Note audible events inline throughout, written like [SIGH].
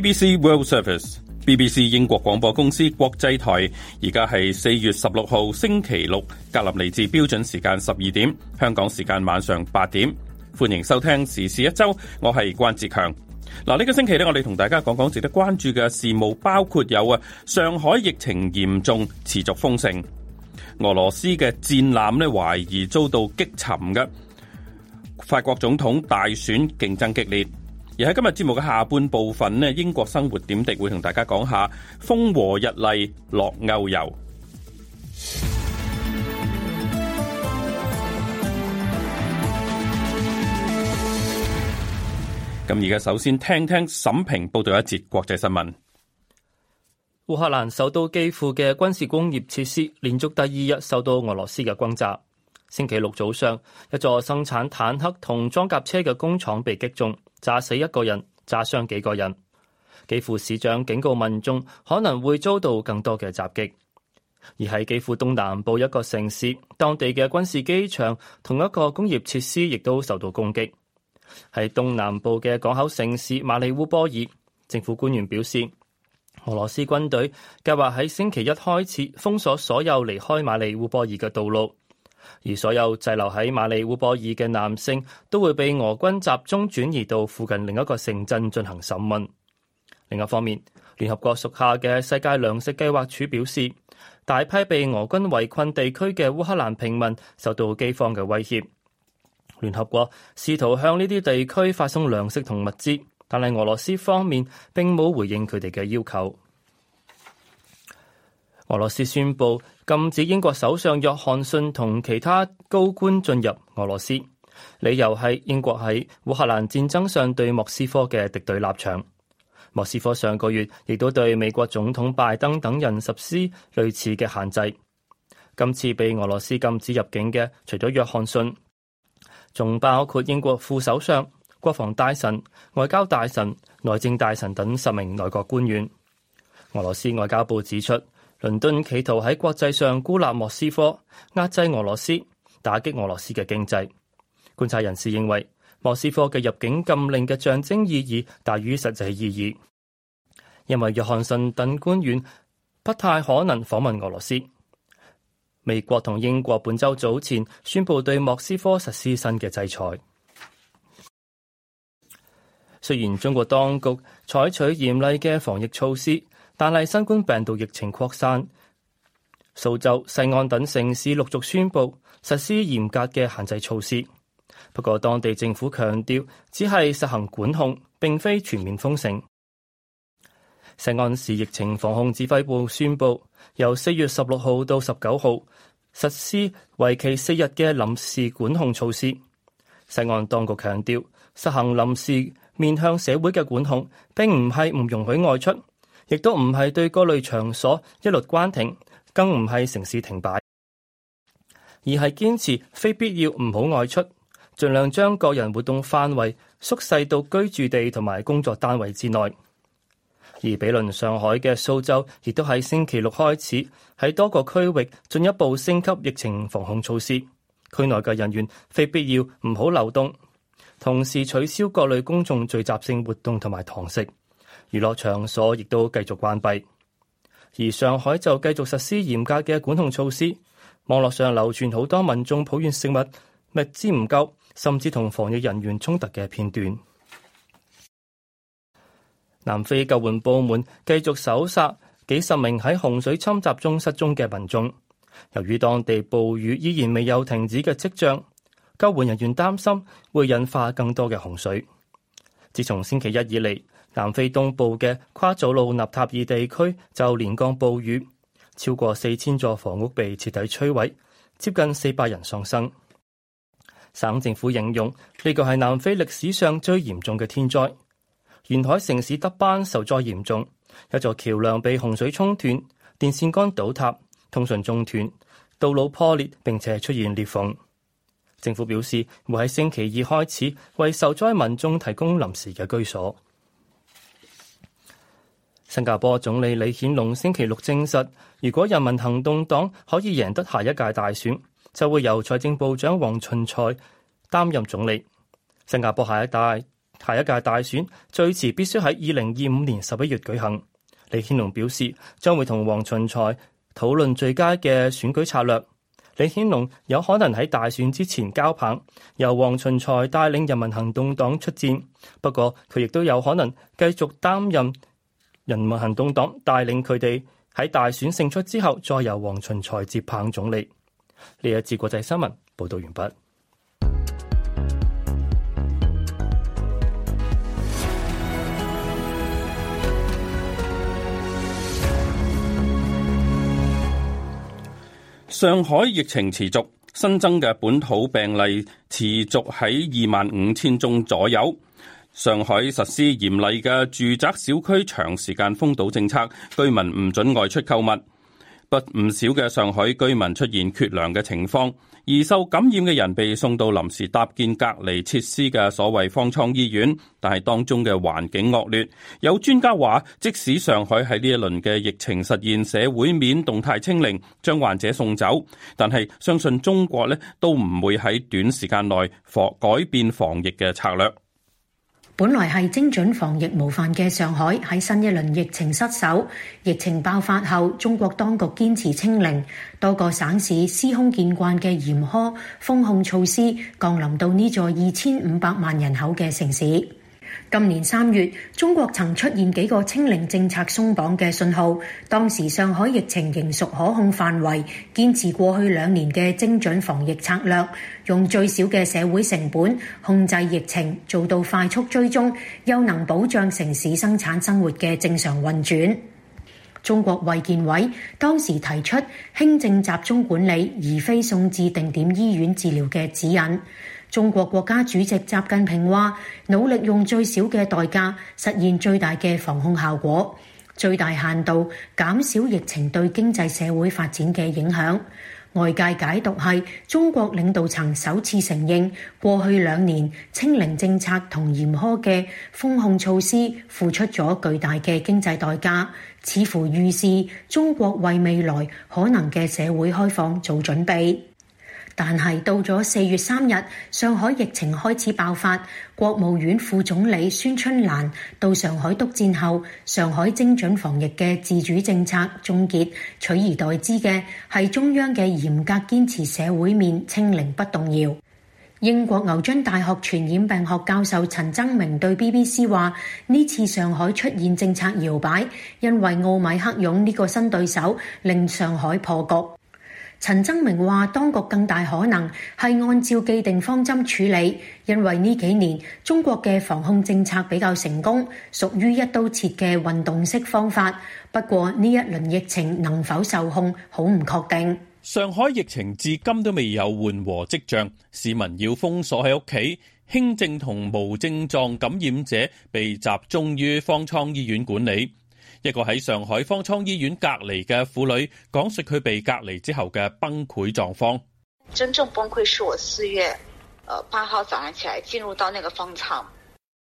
BBC World Service，BBC 英國廣播公司國際台，而家係四月十六號星期六，格林尼治標準時間十二點，香港時間晚上八點，歡迎收聽時事一周，我係關智強。嗱，呢個星期咧，我哋同大家講講值得關注嘅事務，包括有啊，上海疫情嚴重持續封城，俄羅斯嘅戰艦咧懷疑遭到擊沉嘅，法國總統大選競爭激烈。而喺今日節目嘅下半部分呢，英國生活點滴會同大家講下風和日麗，樂歐遊。咁而家首先聽聽沈平報道一節國際新聞。烏克蘭首都基輔嘅軍事工業設施連續第二日受到俄羅斯嘅轟炸。星期六早上，一座生產坦克同裝甲車嘅工廠被擊中。炸死一個人，炸傷幾個人。幾乎市長警告民眾可能會遭到更多嘅襲擊。而喺幾乎東南部一個城市，當地嘅軍事機場同一個工業設施亦都受到攻擊。喺東南部嘅港口城市馬里烏波爾，政府官員表示，俄羅斯軍隊計劃喺星期一開始封鎖所有離開馬里烏波爾嘅道路。而所有滯留喺馬里烏波爾嘅男性都會被俄軍集中轉移到附近另一個城鎮進行審問。另一方面，聯合國屬下嘅世界糧食計劃署表示，大批被俄軍圍困地區嘅烏克蘭平民受到饑荒嘅威脅。聯合國試圖向呢啲地區發送糧食同物資，但係俄羅斯方面並冇回應佢哋嘅要求。俄羅斯宣布。禁止英國首相約翰遜同其他高官進入俄羅斯，理由係英國喺烏克蘭戰爭上對莫斯科嘅敵對立場。莫斯科上個月亦都對美國總統拜登等人實施類似嘅限制。今次被俄羅斯禁止入境嘅，除咗約翰遜，仲包括英國副首相、國防大臣、外交大臣、內政大臣等十名內閣官員。俄羅斯外交部指出。倫敦企圖喺國際上孤立莫斯科，壓制俄羅斯，打擊俄羅斯嘅經濟。觀察人士認為，莫斯科嘅入境禁令嘅象徵意義大於實際意義，因為約翰遜等官員不太可能訪問俄羅斯。美國同英國本周早前宣布對莫斯科實施新嘅制裁。雖然中國當局採取嚴厲嘅防疫措施。但係新冠病毒疫情擴散，蘇州、西安等城市陸續宣布實施嚴格嘅限制措施。不過，當地政府強調只係實行管控，並非全面封城。西安市疫情防控指揮部宣布，由四月十六號到十九號實施為期四日嘅臨時管控措施。西安當局強調，實行臨時面向社會嘅管控，並唔係唔容許外出，亦都唔係對各類場所一律關停，更唔係城市停擺，而係堅持非必要唔好外出，盡量將個人活動範圍縮細到居住地同埋工作單位之內。而比鄰上海嘅蘇州，亦都喺星期六開始喺多個區域進一步升級疫情防控措施，區內嘅人員非必要唔好流動，同時取消各類公眾聚集性活動同埋堂食。娛樂場所亦都繼續關閉，而上海就繼續實施嚴格嘅管控措施。網絡上流傳好多民眾抱怨食物物資唔夠，甚至同防疫人員衝突嘅片段。南非救援部門繼續搜索幾十名喺洪水侵襲中失蹤嘅民眾。由於當地暴雨依然未有停止嘅跡象，救援人員擔心會引發更多嘅洪水。自從星期一以嚟。南非東部嘅夸祖魯納塔爾地區就連降暴雨，超過四千座房屋被徹底摧毀，接近四百人喪生。省政府形容呢個係南非歷史上最嚴重嘅天災。沿海城市德班受災嚴重，一座橋梁被洪水沖斷，電線桿倒塌，通訊中斷，道路破裂，並且出現裂縫。政府表示會喺星期二開始為受災民眾提供臨時嘅居所。新加坡總理李顯龍星期六證實，如果人民行動黨可以贏得下一屆大選，就會由財政部長黃循財擔任總理。新加坡下一代下一屆大選最遲必須喺二零二五年十一月舉行。李顯龍表示，將會同黃循財討論最佳嘅選舉策略。李顯龍有可能喺大選之前交棒，由黃循財帶領人民行動黨出戰。不過，佢亦都有可能繼續擔任。人民行動黨帶領佢哋喺大選勝出之後，再由黃循財接棒總理。呢一節國際新聞報道完畢。上海疫情持續，新增嘅本土病例持續喺二萬五千宗左右。上海實施嚴厲嘅住宅小區長時間封堵政策，居民唔准外出購物。不唔少嘅上海居民出現缺糧嘅情況，而受感染嘅人被送到臨時搭建隔離設施嘅所謂方艙醫院，但係當中嘅環境惡劣。有專家話，即使上海喺呢一輪嘅疫情實現社會面動態清零，將患者送走，但係相信中國呢都唔會喺短時間內改改變防疫嘅策略。本來係精準防疫模範嘅上海，喺新一輪疫情失守，疫情爆發後，中國當局堅持清零，多個省市司空見慣嘅嚴苛封控措施降臨到呢座二千五百萬人口嘅城市。今年三月，中國曾出現幾個清零政策鬆綁嘅信號。當時上海疫情仍屬可控範圍，堅持過去兩年嘅精準防疫策略，用最少嘅社會成本控制疫情，做到快速追蹤，又能保障城市生產生活嘅正常運轉。中國衛健委當時提出輕症集中管理，而非送至定點醫院治療嘅指引。中國國家主席習近平話：努力用最小嘅代價實現最大嘅防控效果，最大限度減少疫情對經濟社會發展嘅影響。外界解讀係中國領導層首次承認過去兩年清零政策同嚴苛嘅封控措施付出咗巨大嘅經濟代價，似乎預示中國為未來可能嘅社會開放做準備。但係到咗四月三日，上海疫情開始爆發。國務院副總理孫春蘭到上海督戰後，上海精準防疫嘅自主政策終結，取而代之嘅係中央嘅嚴格堅持社會面清零不動搖。英國牛津大學傳染病學教授陳增明對 BBC 話：呢次上海出現政策搖擺，因為奧米克戎呢個新對手令上海破局。陳增明話，當局更大可能係按照既定方針處理，因為呢幾年中國嘅防控政策比較成功，屬於一刀切嘅運動式方法。不過呢一輪疫情能否受控，好唔確定。上海疫情至今都未有緩和跡象，市民要封鎖喺屋企，輕症同無症狀感染者被集中於方艙醫院管理。一個喺上海方艙醫院隔離嘅婦女，講述佢被隔離之後嘅崩潰狀況。真正崩潰是我四月，呃八號早上起來進入到那個方艙。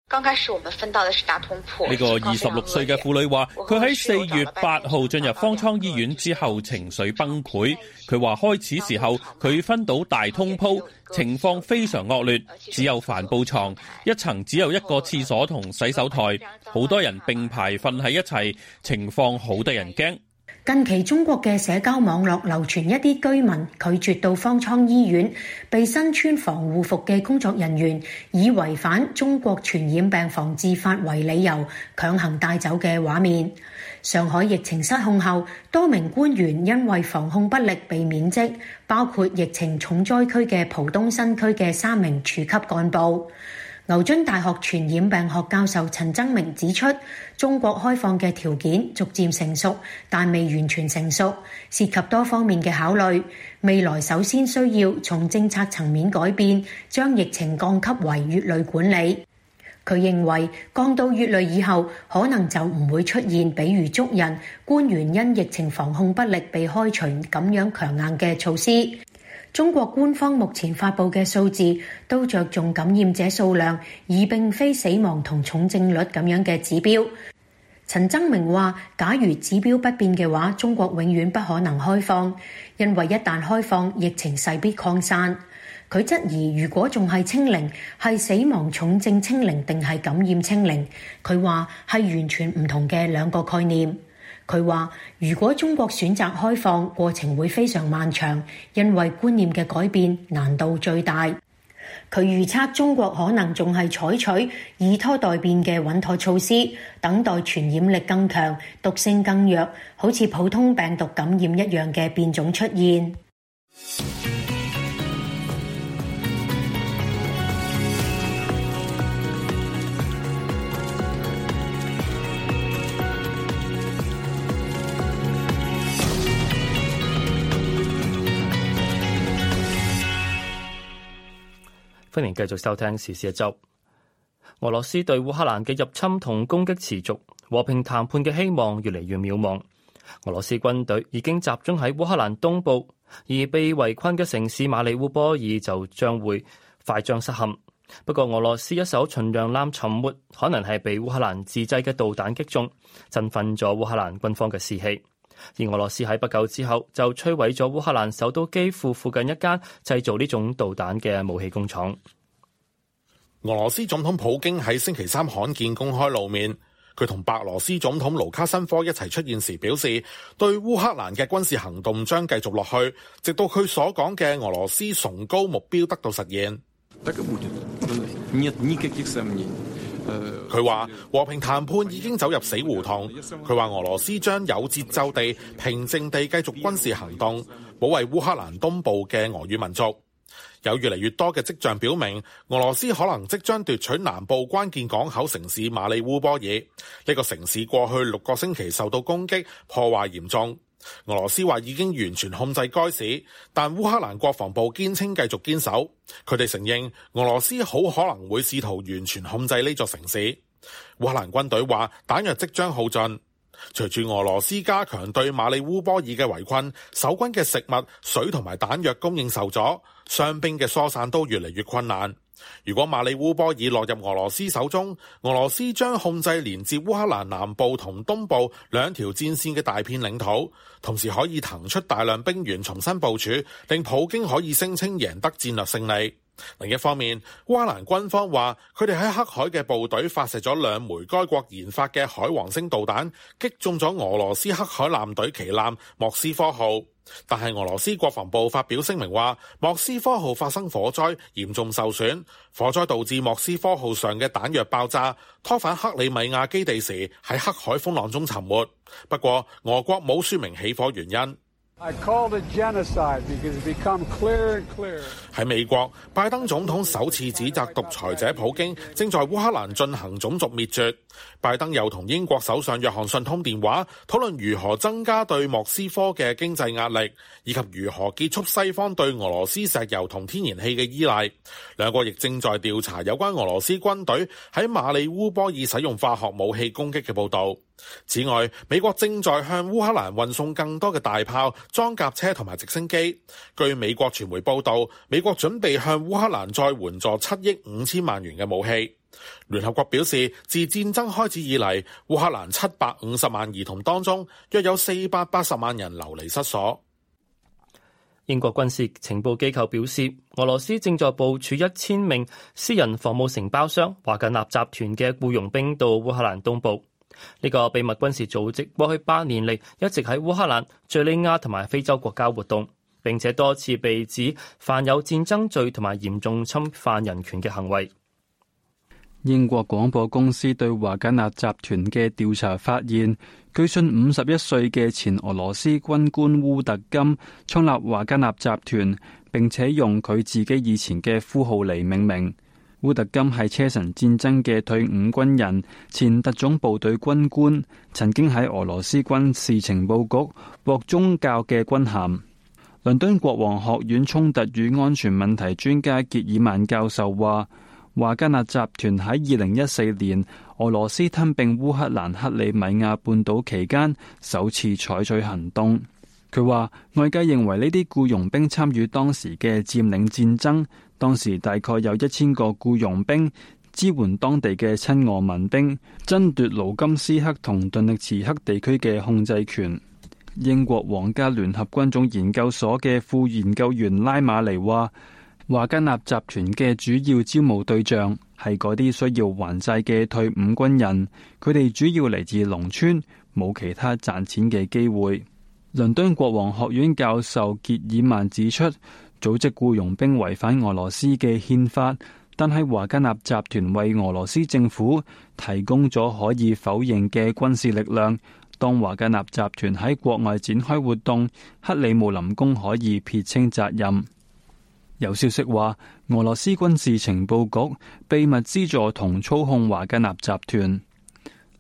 剛開始我們分到的是大通鋪。呢個二十六歲嘅婦女話，佢喺四月八號進入方艙醫院之後情緒崩潰。佢話開始時候佢分到大通鋪，情況非常惡劣，只有帆布床，一層只有一個廁所同洗手台，好多人並排瞓喺一齊，情況好得人驚。近期中國嘅社交網絡流傳一啲居民拒絕到方艙醫院，被身穿防護服嘅工作人員以違反中國傳染病防治法為理由強行帶走嘅畫面。上海疫情失控後，多名官員因為防控不力被免職，包括疫情重災區嘅浦東新區嘅三名處級幹部。牛津大學傳染病學教授陳增明指出，中國開放嘅條件逐漸成熟，但未完全成熟，涉及多方面嘅考慮。未來首先需要從政策層面改變，將疫情降級為乙類管理。佢認為降到乙類以後，可能就唔會出現，比如捉人、官員因疫情防控不力被開除咁樣強硬嘅措施。中國官方目前發布嘅數字都着重感染者數量，而並非死亡同重症率咁樣嘅指標。陳增明話：假如指標不變嘅話，中國永遠不可能開放，因為一旦開放，疫情勢必擴散。佢質疑如果仲係清零，係死亡重症清零定係感染清零？佢話係完全唔同嘅兩個概念。佢話：如果中國選擇開放，過程會非常漫長，因為觀念嘅改變難度最大。佢預測中國可能仲係採取以拖待變嘅穩妥措施，等待傳染力更強、毒性更弱，好似普通病毒感染一樣嘅變種出現。歡迎繼續收聽時事一周。俄羅斯對烏克蘭嘅入侵同攻擊持續，和平談判嘅希望越嚟越渺茫。俄羅斯軍隊已經集中喺烏克蘭東部，而被圍困嘅城市馬里烏波爾就將會快將失陷。不過，俄羅斯一艘巡洋艦沉沒，可能係被烏克蘭自製嘅導彈擊中，振奮咗烏克蘭軍方嘅士氣。而俄羅斯喺不久之後就摧毀咗烏克蘭首都基輔附近一間製造呢種導彈嘅武器工廠。俄羅斯總統普京喺星期三罕見公開露面，佢同白羅斯總統盧卡申科一齊出現時表示，對烏克蘭嘅軍事行動將繼續落去，直到佢所講嘅俄羅斯崇高目標得到實現。 [NOISE] 嗯嗯嗯嗯嗯嗯佢話和平談判已經走入死胡同。佢話俄羅斯將有節奏地、平靜地繼續軍事行動，保衛烏克蘭東部嘅俄語民族。有越嚟越多嘅跡象表明，俄羅斯可能即將奪取南部關鍵港口城市馬里烏波爾。呢個城市過去六個星期受到攻擊，破壞嚴重。俄羅斯話已經完全控制該市，但烏克蘭國防部堅稱繼續堅守。佢哋承認俄羅斯好可能會試圖完全控制呢座城市。烏克蘭軍隊話彈藥即將耗盡。隨住俄羅斯加強對馬里烏波爾嘅圍困，守軍嘅食物、水同埋彈藥供應受阻，傷兵嘅疏散都越嚟越困難。如果馬里烏波爾落入俄羅斯手中，俄羅斯將控制連接烏克蘭南部同東部兩條戰線嘅大片領土，同時可以騰出大量兵員重新部署，令普京可以聲稱贏得戰略勝利。另一方面，烏克蘭軍方話佢哋喺黑海嘅部隊發射咗兩枚該國研發嘅海王星導彈，擊中咗俄羅斯黑海艦隊旗艦莫斯科號。但係俄羅斯國防部發表聲明話，莫斯科號發生火災，嚴重受損。火災導致莫斯科號上嘅彈藥爆炸，拖返克里米亞基地時喺黑海風浪中沉沒。不過，俄國冇說明起火原因。I call it genocide, because it becomes clearer and clearer. 喺美國，拜登總統首次指責獨裁者普京正在烏克蘭進行種族滅絕。拜登又同英國首相約翰遜通電話，討論如何增加對莫斯科嘅經濟壓力，以及如何結束西方對俄羅斯石油同天然氣嘅依賴。兩國亦正在調查有關俄羅斯軍隊喺馬里烏波爾使用化學武器攻擊嘅報道。此外，美國正在向烏克蘭運送更多嘅大炮、裝甲車同埋直升機。據美國傳媒報道，美國準備向烏克蘭再援助七億五千萬元嘅武器。聯合國表示，自戰爭開始以嚟，烏克蘭七百五十萬兒童當中，約有四百八十萬人流離失所。英國軍事情報機構表示，俄羅斯正在部署一千名私人防務承包商華格納集團嘅僱傭兵到烏克蘭東部。呢個秘密軍事組織過去八年嚟，一直喺烏克蘭、敘利亞同埋非洲國家活動，並且多次被指犯有戰爭罪同埋嚴重侵犯人權嘅行為。英國廣播公司對華格納集團嘅調查發現，據信五十一歲嘅前俄羅斯軍官烏特金創立華格納集團，並且用佢自己以前嘅呼號嚟命名。烏特金係車臣戰爭嘅退伍軍人、前特種部隊軍官，曾經喺俄羅斯軍事情報局獲宗教嘅軍銜。倫敦國王學院衝突與安全問題專家傑爾曼教授話，華格納集團喺二零一四年俄羅斯吞併烏克蘭克里米亞半島期間，首次採取行動。佢話外界認為呢啲僱傭兵參與當時嘅佔領戰爭。當時大概有一千個僱傭兵支援當地嘅親俄民兵，爭奪盧金斯克同頓涅茨克地區嘅控制權。英國皇家聯合軍種研究所嘅副研究員拉馬尼話，華根納集團嘅主要招募對象係嗰啲需要還債嘅退伍軍人，佢哋主要嚟自農村，冇其他賺錢嘅機會。倫敦國王學院教授傑爾曼指出。組織僱傭兵違反俄羅斯嘅憲法，但係華格納集團為俄羅斯政府提供咗可以否認嘅軍事力量。當華格納集團喺國外展開活動，克里姆林宮可以撇清責任。有消息話，俄羅斯軍事情報局秘密資助同操控華格納集團。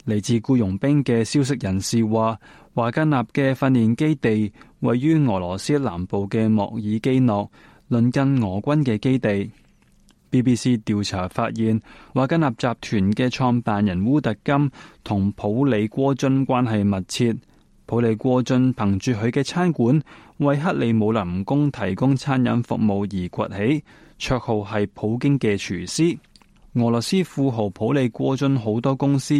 嚟自僱傭兵嘅消息人士話，華格納嘅訓練基地。位於俄羅斯南部嘅莫爾基諾，鄰近俄軍嘅基地。BBC 調查發現，瓦格納集團嘅創辦人烏特金同普利戈津關係密切。普利戈津憑住佢嘅餐館為克里姆林宮提供餐飲服務而崛起，綽號係普京嘅廚師。俄羅斯富豪普利郭津好多公司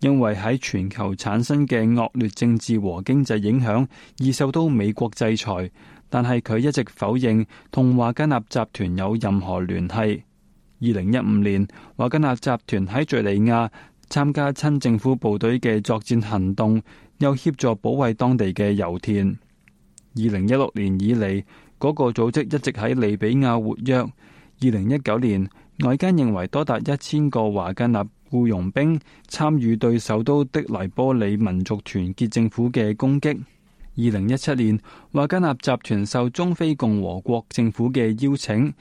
因為喺全球產生嘅惡劣政治和經濟影響而受到美國制裁，但係佢一直否認同華根納集團有任何聯繫。二零一五年，華根納集團喺敘利亞參加親政府部隊嘅作戰行動，又協助保衛當地嘅油田。二零一六年以嚟，嗰個組織一直喺利比亞活躍。二零一九年，外界認為多達一千個華加納雇傭兵參與對首都的黎波里民族團結政府嘅攻擊。二零一七年，華加納集團受中非共和國政府嘅邀請，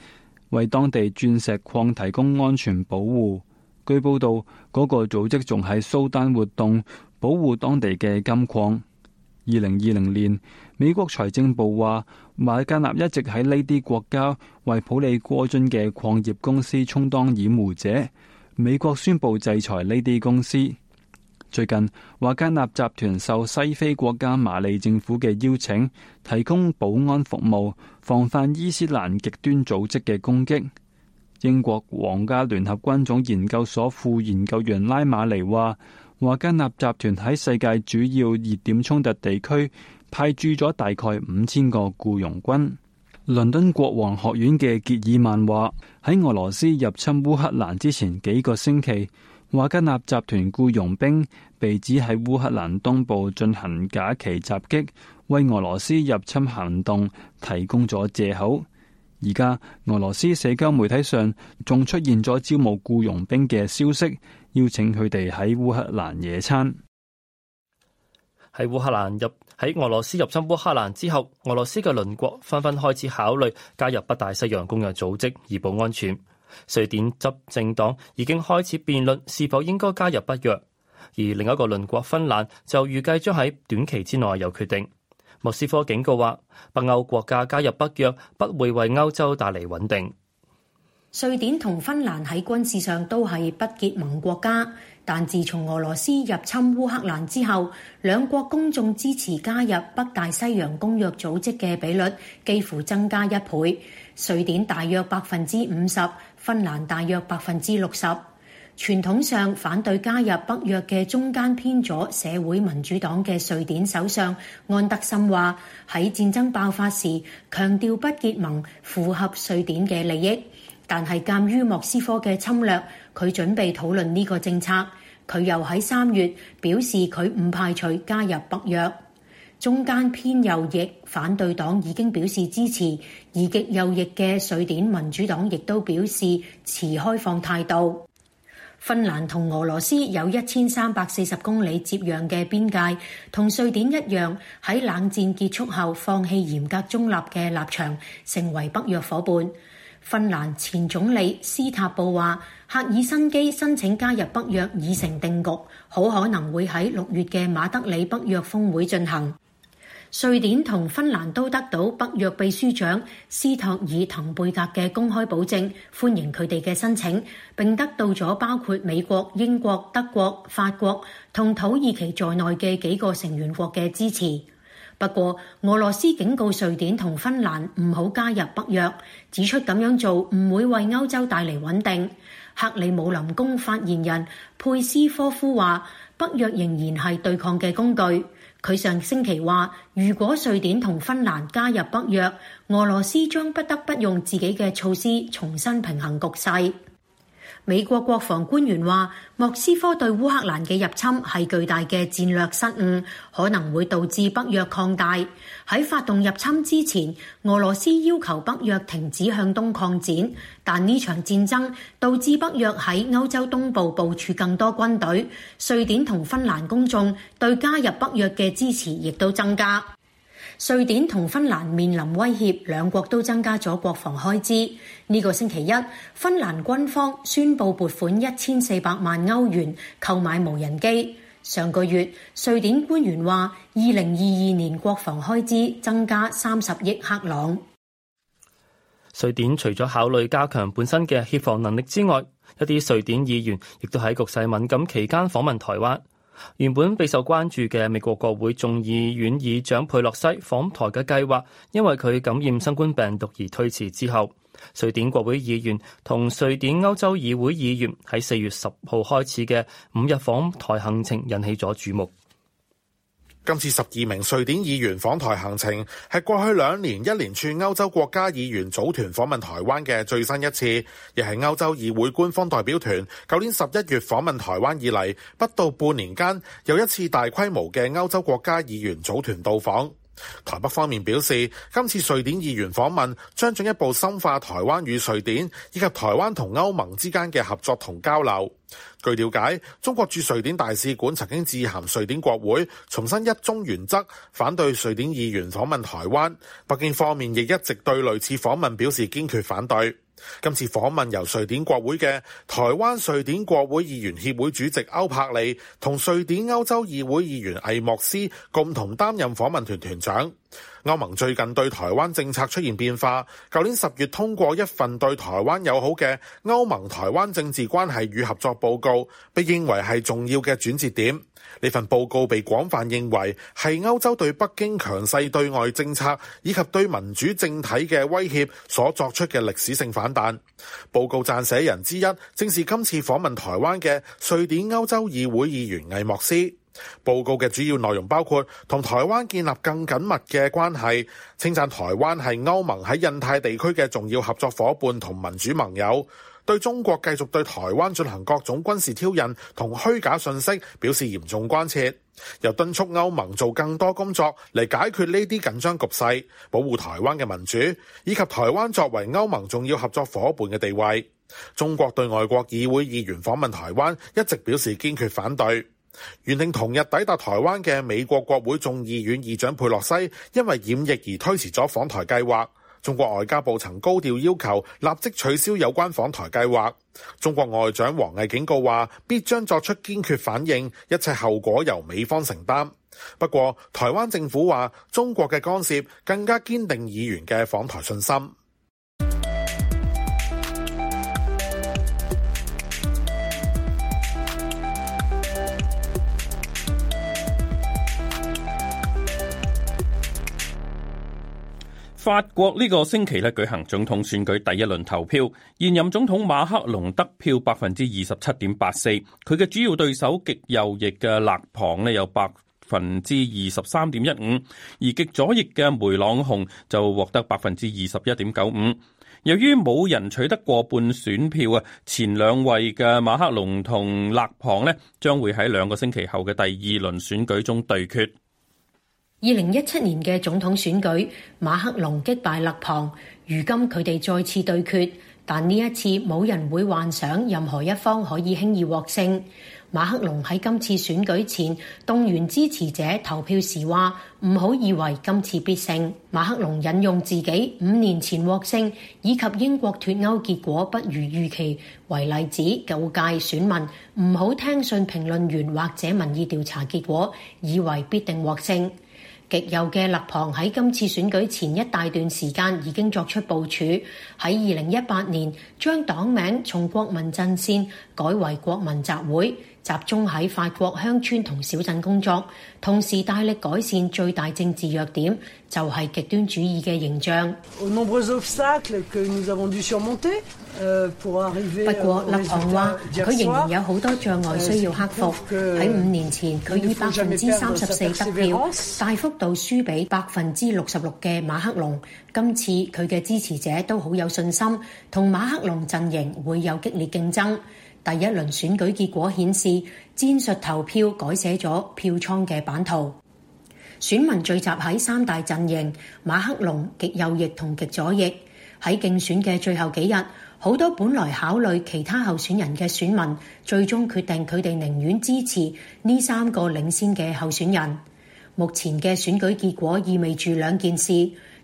為當地鑽石礦提供安全保護。據報道，嗰個組織仲喺蘇丹活動，保護當地嘅金礦。二零二零年。美國財政部話，瓦加納一直喺呢啲國家為普利戈津嘅礦業公司充當掩護者。美國宣布制裁呢啲公司。最近，瓦加納集團受西非國家馬里政府嘅邀請，提供保安服務，防範伊斯蘭極端組織嘅攻擊。英國皇家聯合軍種研究所副研究員拉馬尼話，瓦加納集團喺世界主要熱點衝突地區。派駐咗大概五千個雇傭軍。倫敦國王學院嘅傑爾曼話：喺俄羅斯入侵烏克蘭之前幾個星期，華格納集團雇傭兵被指喺烏克蘭東部進行假旗襲擊，為俄羅斯入侵行動提供咗借口。而家俄羅斯社交媒體上仲出現咗招募雇傭兵嘅消息，邀請佢哋喺烏克蘭野餐。喺烏克蘭入。喺俄羅斯入侵烏克蘭之後，俄羅斯嘅鄰國紛紛開始考慮加入北大西洋公約組織以保安全。瑞典執政黨已經開始辯論是否應該加入北約，而另一個鄰國芬蘭就預計將喺短期之內有決定。莫斯科警告話，北歐國家加入北約不會為歐洲帶嚟穩定。瑞典同芬蘭喺軍事上都係不結盟國家，但自從俄羅斯入侵烏克蘭之後，兩國公眾支持加入北大西洋公約組織嘅比率幾乎增加一倍。瑞典大約百分之五十，芬蘭大約百分之六十。傳統上反對加入北約嘅中間偏左社會民主黨嘅瑞典首相安德森話：喺戰爭爆發時，強調不結盟符合瑞典嘅利益。但係，鑑於莫斯科嘅侵略，佢準備討論呢個政策。佢又喺三月表示佢唔排除加入北約。中間偏右翼反對黨已經表示支持，以及極右翼嘅瑞典民主黨亦都表示持開放態度。芬蘭同俄羅斯有一千三百四十公里接壤嘅邊界，同瑞典一樣喺冷戰結束後放棄嚴格中立嘅立場，成為北約夥伴。芬蘭前總理斯塔布話，赫爾辛基申請加入北約已成定局，好可能會喺六月嘅馬德里北約峰會進行。瑞典同芬蘭都得到北約秘書長斯托爾滕貝格嘅公開保證，歡迎佢哋嘅申請，並得到咗包括美國、英國、德國、法國同土耳其在內嘅幾個成員國嘅支持。不過，俄羅斯警告瑞典同芬蘭唔好加入北約，指出咁樣做唔會為歐洲帶嚟穩定。克里姆林宮發言人佩斯科夫話：北約仍然係對抗嘅工具。佢上星期話，如果瑞典同芬蘭加入北約，俄羅斯將不得不用自己嘅措施重新平衡局勢。美國國防官員話，莫斯科對烏克蘭嘅入侵係巨大嘅戰略失誤，可能會導致北約擴大。喺發動入侵之前，俄羅斯要求北約停止向東擴展，但呢場戰爭導致北約喺歐洲東部部署更多軍隊。瑞典同芬蘭公眾對加入北約嘅支持亦都增加。瑞典同芬蘭面臨威脅，兩國都增加咗國防開支。呢個星期一，芬蘭軍方宣布撥款一千四百萬歐元購買無人機。上個月，瑞典官員話，二零二二年國防開支增加三十億克朗。瑞典除咗考慮加強本身嘅協防能力之外，一啲瑞典議員亦都喺局勢敏感期間訪問台灣。原本備受關注嘅美國國會眾議院議長佩洛西訪台嘅計劃，因為佢感染新冠病毒而推遲之後，瑞典國會議員同瑞典歐洲議會議員喺四月十號開始嘅五日訪台行程引起咗注目。今次十二名瑞典議員訪台行程，係過去兩年一連串歐洲國家議員組團訪問台灣嘅最新一次，亦係歐洲議會官方代表團舊年十一月訪問台灣以嚟不到半年間又一次大規模嘅歐洲國家議員組團到訪。台北方面表示，今次瑞典議員訪問將進一步深化台灣與瑞典以及台灣同歐盟之間嘅合作同交流。據了解，中國駐瑞典大使館曾經致函瑞典國會，重申一中原則，反對瑞典議員訪問台灣。北京方面亦一直對類似訪問表示堅決反對。今次訪問由瑞典國會嘅台灣瑞典國會議員協會主席歐柏利同瑞典歐洲議會議員魏莫斯共同擔任訪問團團長。歐盟最近對台灣政策出現變化，舊年十月通過一份對台灣友好嘅歐盟台灣政治關係與合作報告，被認為係重要嘅轉折點。呢份報告被廣泛認為係歐洲對北京強勢對外政策以及對民主政體嘅威脅所作出嘅歷史性反彈。報告撰寫人之一，正是今次訪問台灣嘅瑞典歐洲議會議員魏莫斯。報告嘅主要內容包括同台灣建立更緊密嘅關係，稱讚台灣係歐盟喺印太地區嘅重要合作伙伴同民主盟友，對中國繼續對台灣進行各種軍事挑釁同虛假信息表示嚴重關切，又敦促歐盟做更多工作嚟解決呢啲緊張局勢，保護台灣嘅民主，以及台灣作為歐盟重要合作伙伴嘅地位。中國對外國議會議員訪問台灣，一直表示堅決反對。原定同日抵達台灣嘅美國國會眾議院議長佩洛西，因為染疫而推遲咗訪台計劃。中國外交部曾高調要求立即取消有關訪台計劃。中國外長王毅警告話，必將作出堅決反應，一切後果由美方承擔。不過，台灣政府話，中國嘅干涉更加堅定議員嘅訪台信心。法國呢個星期咧舉行總統選舉第一輪投票，現任總統馬克龍得票百分之二十七點八四，佢嘅主要對手極右翼嘅勒龐咧有百分之二十三點一五，而極左翼嘅梅朗雄就獲得百分之二十一點九五。由於冇人取得過半選票啊，前兩位嘅馬克龍同勒龐咧將會喺兩個星期後嘅第二輪選舉中對決。二零一七年嘅總統選舉，馬克龍擊敗勒龐。如今佢哋再次對決，但呢一次冇人會幻想任何一方可以輕易獲勝。馬克龍喺今次選舉前動員支持者投票時話：唔好以為今次必勝。馬克龍引用自己五年前獲勝以及英國脫歐結果不如預期為例子，告誡選民唔好聽信評論員或者民意調查結果，以為必定獲勝。極右嘅勒龐喺今次選舉前一大段時間已經作出部署，喺二零一八年將黨名從國民陣線改為國民集會。集中喺法國鄉村同小鎮工作，同時大力改善最大政治弱點，就係極端主義嘅形象。不過勒龐話，佢仍然有好多障礙需要克服。喺五年前，佢以百分之三十四得票，大幅度輸畀百分之六十六嘅馬克龍。今次佢嘅支持者都好有信心，同馬克龍陣營會有激烈競爭。第一輪選舉結果顯示，戰術投票改寫咗票倉嘅版圖。選民聚集喺三大陣營：馬克龍、極右翼同極左翼。喺競選嘅最後幾日，好多本來考慮其他候選人嘅選民，最終決定佢哋寧願支持呢三個領先嘅候選人。目前嘅選舉結果意味住兩件事：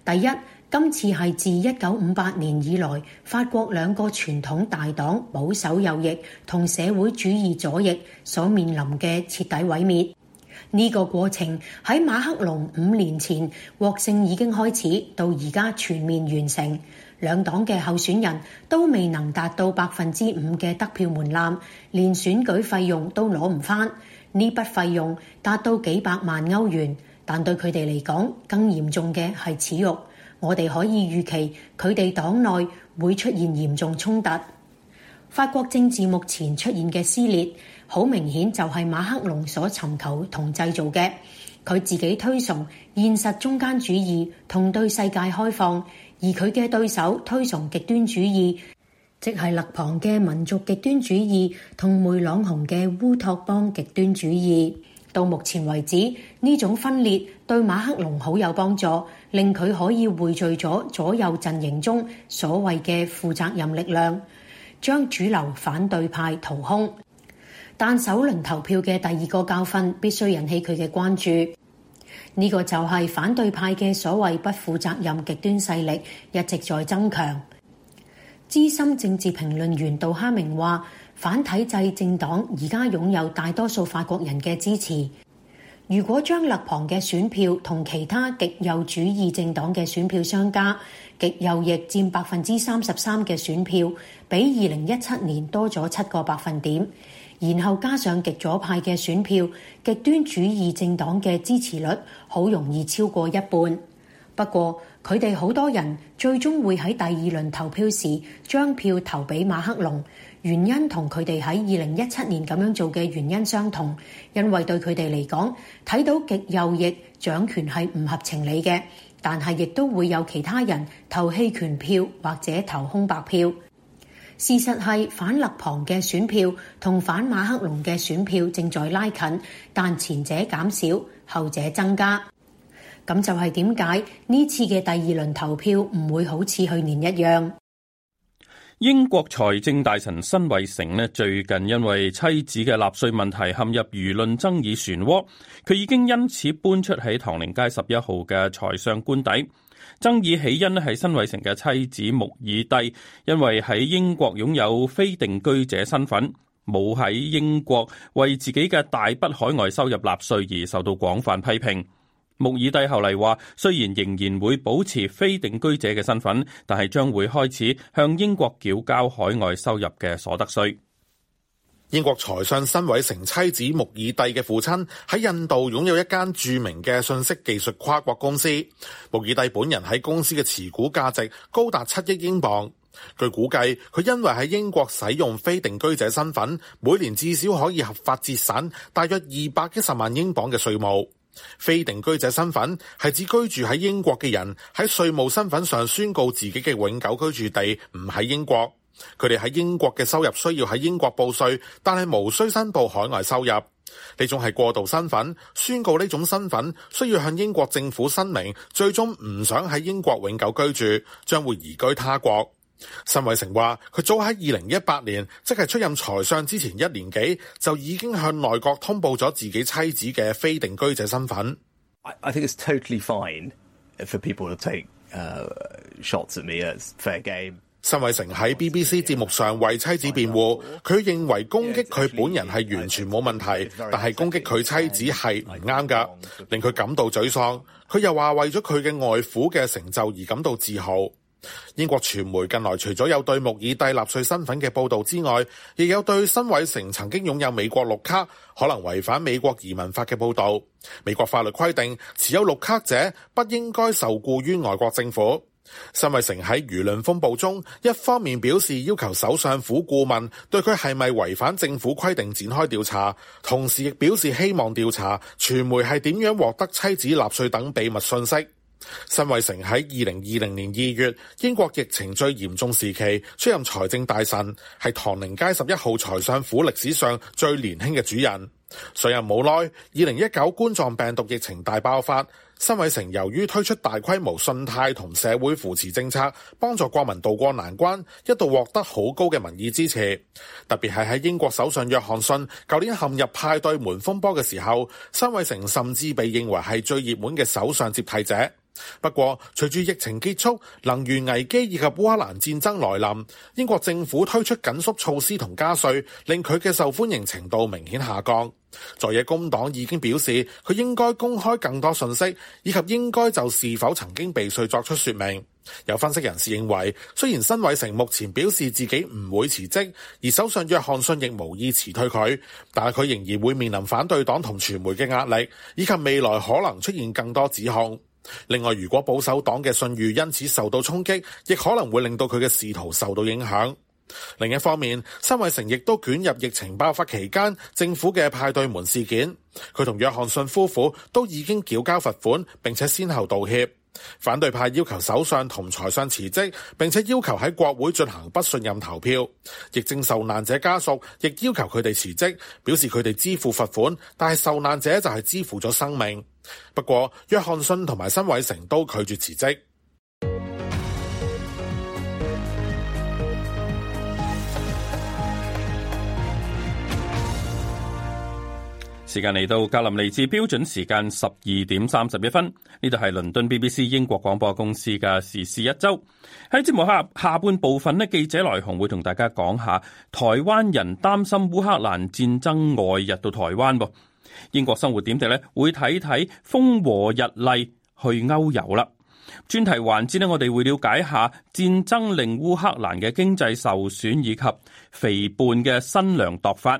第一。今次係自一九五八年以來，法國兩個傳統大黨保守右翼同社會主義左翼所面臨嘅徹底毀滅。呢個過程喺馬克龍五年前獲勝已經開始，到而家全面完成。兩黨嘅候選人都未能達到百分之五嘅得票門檻，連選舉費用都攞唔翻。呢筆費用達到幾百萬歐元，但對佢哋嚟講，更嚴重嘅係恥辱。我哋可以預期佢哋黨內會出現嚴重衝突。法國政治目前出現嘅撕裂，好明顯就係馬克龍所尋求同製造嘅。佢自己推崇現實中間主義同對世界開放，而佢嘅對手推崇極端主義，即係勒旁嘅民族極端主義同梅朗雄嘅烏托邦極端主義。到目前為止，呢種分裂對馬克龍好有幫助，令佢可以匯聚咗左右陣營中所謂嘅負責任力量，將主流反對派掏空。但首輪投票嘅第二個教訓必須引起佢嘅關注，呢、這個就係反對派嘅所謂不負責任極端勢力一直在增強。資深政治評論員杜哈明話。反體制政黨而家擁有大多數法國人嘅支持。如果將勒龐嘅選票同其他極右主義政黨嘅選票相加，極右翼佔百分之三十三嘅選票，比二零一七年多咗七個百分點。然後加上極左派嘅選票，極端主義政黨嘅支持率好容易超過一半。不過佢哋好多人最終會喺第二輪投票時將票投俾馬克龍。原因同佢哋喺二零一七年咁樣做嘅原因相同，因為對佢哋嚟講，睇到極右翼掌權係唔合情理嘅，但係亦都會有其他人投棄權票或者投空白票。事實係反勒龐嘅選票同反馬克龍嘅選票正在拉近，但前者減少，後者增加。咁就係點解呢次嘅第二輪投票唔會好似去年一樣。英國財政大臣新偉成咧，最近因為妻子嘅納稅問題陷入輿論爭議漩渦，佢已經因此搬出喺唐寧街十一號嘅財相官邸。爭議起因咧係新偉成嘅妻子穆爾蒂，因為喺英國擁有非定居者身份，冇喺英國為自己嘅大筆海外收入納稅而受到廣泛批評。穆爾蒂後嚟話，雖然仍然會保持非定居者嘅身份，但係將會開始向英國繳交海外收入嘅所得稅。英國財相辛偉誠妻子穆爾蒂嘅父親喺印度擁有一間著名嘅信息技術跨國公司，穆爾蒂本人喺公司嘅持股價值高達七億英鎊。據估計，佢因為喺英國使用非定居者身份，每年至少可以合法節省大約二百一十萬英鎊嘅稅務。非定居者身份係指居住喺英國嘅人喺稅務身份上宣告自己嘅永久居住地唔喺英國，佢哋喺英國嘅收入需要喺英國報稅，但係無需申報海外收入。呢種係過渡身份，宣告呢種身份需要向英國政府申明，最終唔想喺英國永久居住，將會移居他國。陳偉成話：佢早喺二零一八年，即係出任財相之前一年幾就已經向內國通報咗自己妻子嘅非定居者身份。I think it's totally fine for people to take、uh, shots at me. i s fair game。陳偉成喺 BBC 節目上為妻子辯護，佢認為攻擊佢本人係完全冇問題，但係攻擊佢妻子係唔啱噶，令佢感到沮喪。佢又話為咗佢嘅外父嘅成就而感到自豪。英國傳媒近來除咗有對穆爾蒂納稅身份嘅報道之外，亦有對辛偉誠曾經擁有美國綠卡可能違反美國移民法嘅報道。美國法律規定持有綠卡者不應該受僱於外國政府。辛偉誠喺輿論風暴中，一方面表示要求首相府顧問對佢係咪違反政府規定展開調查，同時亦表示希望調查傳媒係點樣獲得妻子納稅等秘密信息。辛偉誠喺二零二零年二月，英國疫情最嚴重時期出任財政大臣，係唐寧街十一號財相府歷史上最年輕嘅主人。上任冇耐，二零一九冠狀病毒疫情大爆發，辛偉誠由於推出大規模信貸同社會扶持政策，幫助國民渡過難關，一度獲得好高嘅民意支持。特別係喺英國首相約翰遜舊年陷入派對門風波嘅時候，辛偉誠甚至被認為係最熱門嘅首相接替者。不過，隨住疫情結束、能源危機以及烏克蘭戰爭來臨，英國政府推出緊縮措施同加稅，令佢嘅受歡迎程度明顯下降。在野工黨已經表示，佢應該公開更多信息，以及應該就是否曾經避稅作出說明。有分析人士認為，雖然新偉成目前表示自己唔會辭職，而首相約翰遜亦無意辭退佢，但係佢仍然會面臨反對黨同傳媒嘅壓力，以及未來可能出現更多指控。另外，如果保守黨嘅信譽因此受到衝擊，亦可能會令到佢嘅仕途受到影響。另一方面，辛偉誠亦都捲入疫情爆發期間政府嘅派對門事件，佢同約翰遜夫婦都已經繳交罰款，並且先後道歉。反對派要求首相同財相辭職，並且要求喺國會進行不信任投票。疫症受難者家屬亦要求佢哋辭職，表示佢哋支付罰款，但係受難者就係支付咗生命。不過，約翰遜同埋辛偉誠都拒絕辭職。時間嚟到格林尼治標準時間十二點三十一分，呢度係倫敦 BBC 英國廣播公司嘅時事一周。喺節目下下半部分呢，記者來鴻會同大家講下台灣人擔心烏克蘭戰爭外溢到台灣喎。英國生活點滴呢？會睇睇風和日麗去歐遊啦。專題環節呢，我哋會了解下戰爭令烏克蘭嘅經濟受損，以及肥胖嘅新量度法。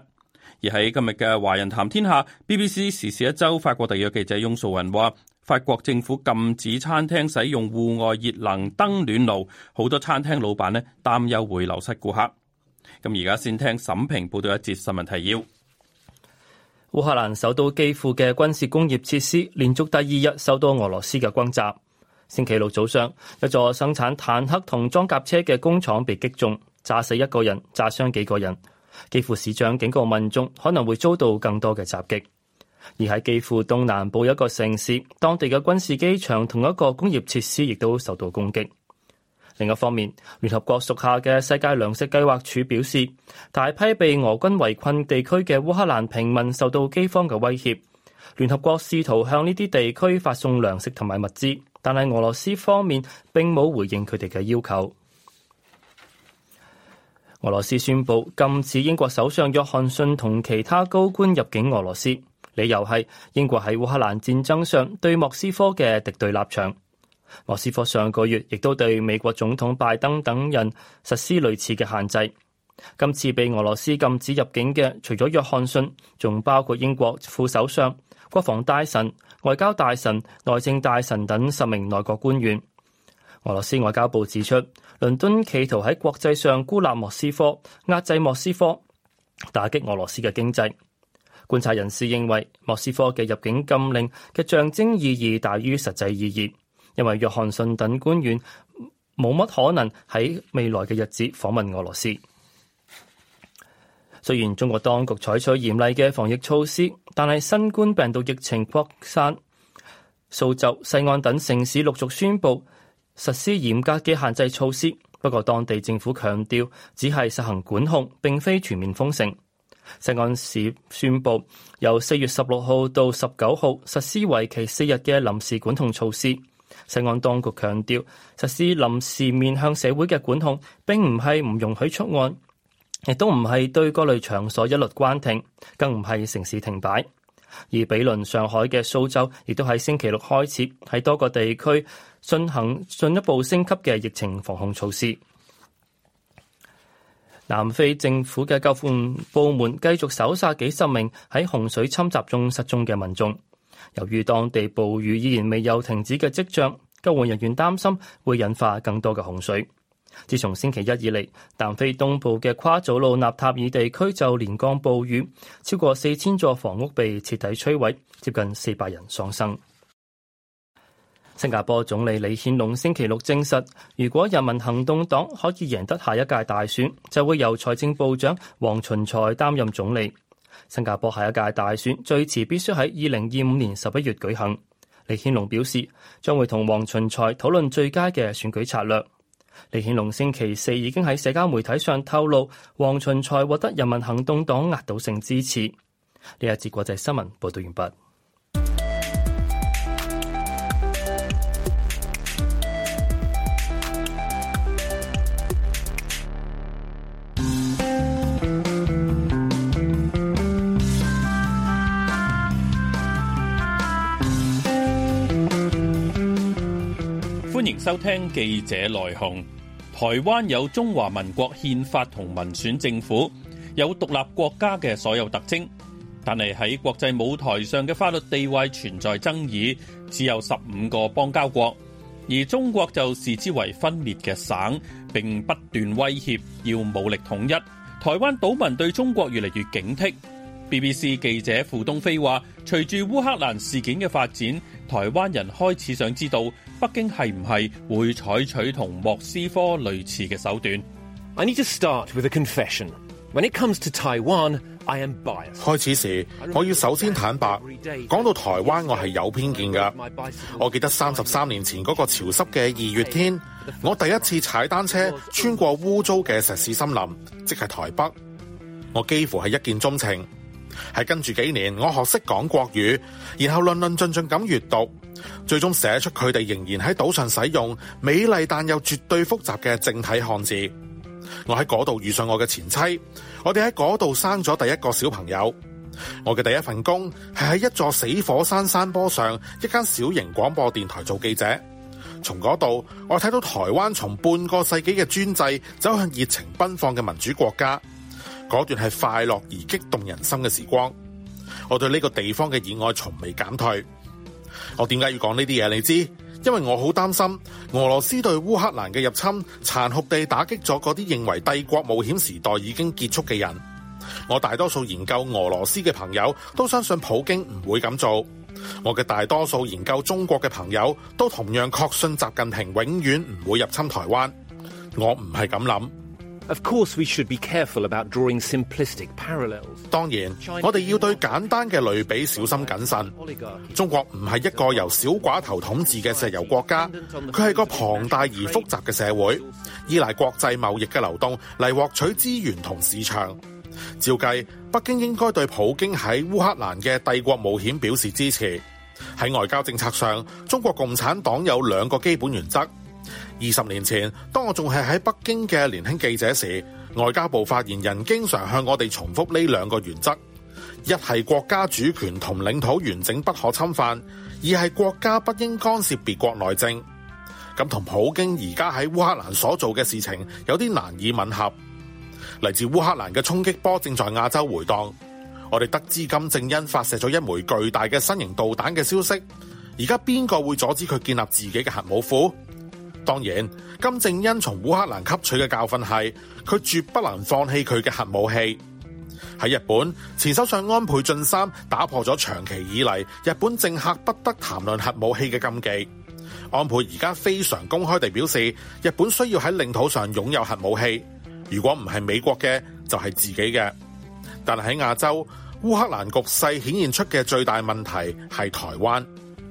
而喺今日嘅《華人談天下》、BBC 時事一周，法國特約記者翁素雲話，法國政府禁止餐廳使用戶外熱能燈暖爐，好多餐廳老闆呢擔憂會流失顧客。咁而家先聽沈平報道一節新聞提要。烏克蘭首都基輔嘅軍事工業設施連續第二日受到俄羅斯嘅轟炸。星期六早上，一座生產坦克同裝甲車嘅工廠被擊中，炸死一個人，炸傷幾個人。基輔市長警告民眾可能會遭到更多嘅襲擊，而喺基輔東南部一個城市，當地嘅軍事機場同一個工業設施亦都受到攻擊。另一方面，聯合國屬下嘅世界糧食計劃署表示，大批被俄軍圍困地區嘅烏克蘭平民受到飢荒嘅威脅。聯合國試圖向呢啲地區發送糧食同埋物資，但係俄羅斯方面並冇回應佢哋嘅要求。俄羅斯宣佈禁止英國首相約翰遜同其他高官入境俄羅斯，理由係英國喺烏克蘭戰爭上對莫斯科嘅敵對立場。莫斯科上個月亦都對美國總統拜登等人實施類似嘅限制。今次被俄羅斯禁止入境嘅，除咗約翰遜，仲包括英國副首相、國防大臣、外交大臣、內政大臣等十名內閣官員。俄羅斯外交部指出，倫敦企圖喺國際上孤立莫斯科，壓制莫斯科，打擊俄羅斯嘅經濟。觀察人士認為，莫斯科嘅入境禁令嘅象徵意義大於實際意義，因為約翰遜等官員冇乜可能喺未來嘅日子訪問俄羅斯。雖然中國當局採取嚴厲嘅防疫措施，但係新冠病毒疫情擴散，蘇州、西安等城市陸續宣布。實施嚴格嘅限制措施，不過當地政府強調，只係實行管控，並非全面封城。西安市宣布由四月十六號到十九號實施為期四日嘅臨時管控措施。西安當局強調，實施臨時面向社會嘅管控，並唔係唔容許出案，亦都唔係對各類場所一律關停，更唔係城市停擺。而比鄰上海嘅蘇州，亦都喺星期六開始喺多個地區進行進一步升級嘅疫情防控措施。南非政府嘅救援部門繼續搜索幾十名喺洪水侵襲中失蹤嘅民眾。由於當地暴雨依然未有停止嘅跡象，救援人員擔心會引發更多嘅洪水。自從星期一以嚟，南非東部嘅跨祖魯納塔爾地區就連降暴雨，超過四千座房屋被徹底摧毀，接近四百人喪生。新加坡總理李顯龍星期六證實，如果人民行動黨可以贏得下一屆大選，就會由財政部長黃循財擔任總理。新加坡下一屆大選最遲必須喺二零二五年十一月舉行。李顯龍表示，將會同黃循財討論最佳嘅選舉策略。李顯龍星期四已經喺社交媒體上透露，黃循財獲得人民行動黨壓倒性支持。呢一節國際新聞報道完畢。收聽記者來鴻。台灣有中華民國憲法同民選政府，有獨立國家嘅所有特徵，但係喺國際舞台上嘅法律地位存在爭議，只有十五個邦交國，而中國就視之為分裂嘅省，並不斷威脅要武力統一。台灣島民對中國越嚟越警惕。BBC 記者傅東飛話：隨住烏克蘭事件嘅發展。台灣人開始想知道北京係唔係會採取同莫斯科類似嘅手段。I need to start with a confession. When it comes to Taiwan, I am biased. 開始時，我要首先坦白，講到台灣我係有偏見嘅。我記得三十三年前嗰個潮濕嘅二月天，我第一次踩單車穿過污糟嘅石屎森林，即係台北，我幾乎係一見鐘情。係跟住幾年，我學識講國語，然後論論盡盡咁閱讀，最終寫出佢哋仍然喺島上使用美麗但又絕對複雜嘅正體漢字。我喺嗰度遇上我嘅前妻，我哋喺嗰度生咗第一個小朋友。我嘅第一份工係喺一座死火山山坡上，一間小型廣播電台做記者。從嗰度，我睇到台灣從半個世紀嘅專制走向熱情奔放嘅民主國家。嗰段係快樂而激動人心嘅時光，我對呢個地方嘅熱愛從未減退。我點解要講呢啲嘢？你知，因為我好擔心俄羅斯對烏克蘭嘅入侵，殘酷地打擊咗嗰啲認為帝國冒險時代已經結束嘅人。我大多數研究俄羅斯嘅朋友都相信普京唔會咁做。我嘅大多數研究中國嘅朋友都同樣確信習近平永遠唔會入侵台灣。我唔係咁諗。Of course, we should be careful about drawing simplistic parallels. 當然，我哋要對簡單嘅類比小心謹慎。中國唔係一個由小寡頭統治嘅石油國家，佢係個龐大而複雜嘅社會，依賴國際貿易嘅流動嚟獲取資源同市場。照計，北京應該對普京喺烏克蘭嘅帝國冒險表示支持。喺外交政策上，中國共產黨有兩個基本原則。二十年前，當我仲係喺北京嘅年輕記者時，外交部發言人經常向我哋重複呢兩個原則：一係國家主權同領土完整不可侵犯；二係國家不應干涉別國內政。咁同普京而家喺烏克蘭所做嘅事情有啲難以吻合。嚟自烏克蘭嘅衝擊波正在亞洲回蕩。我哋得知金正恩發射咗一枚巨大嘅新型導彈嘅消息，而家邊個會阻止佢建立自己嘅核武庫？當然，金正恩從烏克蘭吸取嘅教訓係，佢絕不能放棄佢嘅核武器。喺日本，前首相安倍晉三打破咗長期以嚟日本政客不得談論核武器嘅禁忌。安倍而家非常公開地表示，日本需要喺領土上擁有核武器，如果唔係美國嘅，就係自己嘅。但喺亞洲，烏克蘭局勢顯現出嘅最大問題係台灣。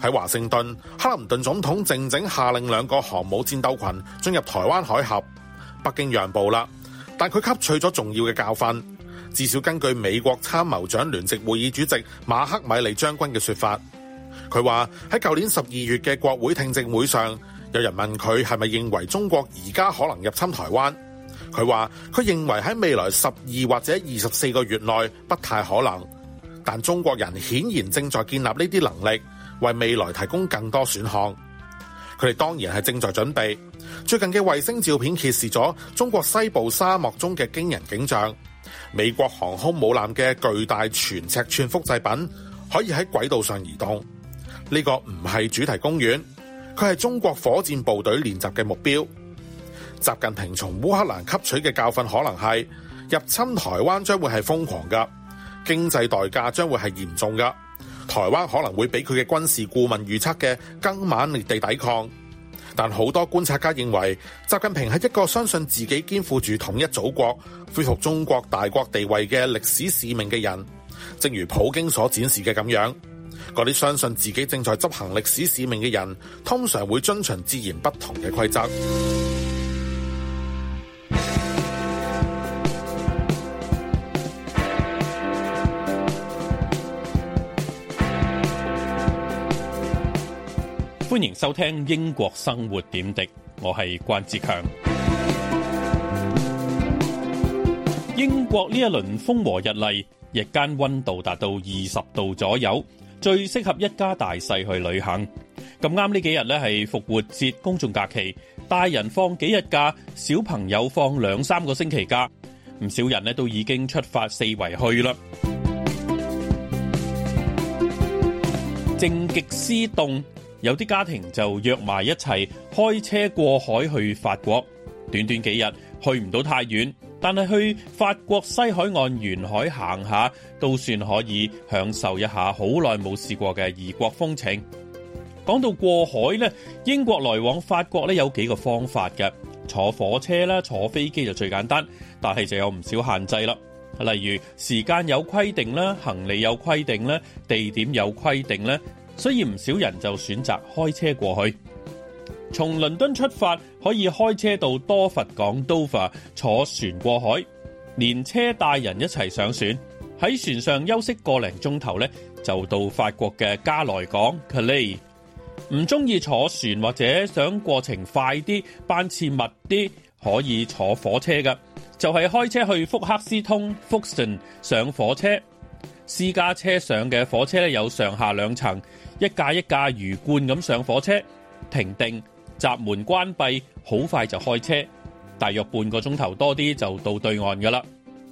喺華盛頓，克林頓總統正正下令兩個航母戰鬥群進入台灣海峽。北京讓步啦，但佢吸取咗重要嘅教訓。至少根據美國參謀長聯席會議主席馬克·米利將軍嘅說法，佢話喺舊年十二月嘅國會聽證會上，有人問佢係咪認為中國而家可能入侵台灣。佢話佢認為喺未來十二或者二十四個月內不太可能，但中國人顯然正在建立呢啲能力。為未來提供更多選項，佢哋當然係正在準備。最近嘅衛星照片揭示咗中國西部沙漠中嘅驚人景象。美國航空母艦嘅巨大全尺寸複製品可以喺軌道上移動。呢個唔係主題公園，佢係中國火箭部隊練習嘅目標。習近平從烏克蘭吸取嘅教訓可能係入侵台灣將會係瘋狂㗎，經濟代價將會係嚴重㗎。台灣可能會被佢嘅軍事顧問預測嘅更猛烈地抵抗，但好多觀察家認為，習近平係一個相信自己肩負住統一祖國、恢復中國大國地位嘅歷史使命嘅人，正如普京所展示嘅咁樣。嗰啲相信自己正在執行歷史使命嘅人，通常會遵循截然不同嘅規則。歡迎收聽英國生活點滴，我係關志強。英國呢一輪風和日麗，日間溫度達到二十度左右，最適合一家大細去旅行。咁啱呢幾日呢係復活節公眾假期，大人放幾日假，小朋友放兩三個星期假，唔少人呢都已經出發四圍去啦，正極思動 [MUSIC] [MUSIC] 有啲家庭就約埋一齊開車過海去法國，短短幾日去唔到太遠，但係去法國西海岸沿海行下都算可以享受一下好耐冇試過嘅異國風情。講到過海呢，英國來往法國咧有幾個方法嘅，坐火車啦，坐飛機就最簡單，但係就有唔少限制啦，例如時間有規定啦、行李有規定啦、地點有規定咧。所以唔少人就選擇開車過去，從倫敦出發可以開車到多佛港 （Dover），坐船過海，連車帶人一齊上船。喺船上休息個零鐘頭呢，就到法國嘅加來港 c a l a i 唔中意坐船或者想過程快啲、班次密啲，可以坐火車噶。就係、是、開車去福克斯通福 o 上火車，私家車上嘅火車咧有上下兩層。一架一架魚罐咁上火車，停定，閘門關閉，好快就開車，大約半個鐘頭多啲就到對岸噶啦。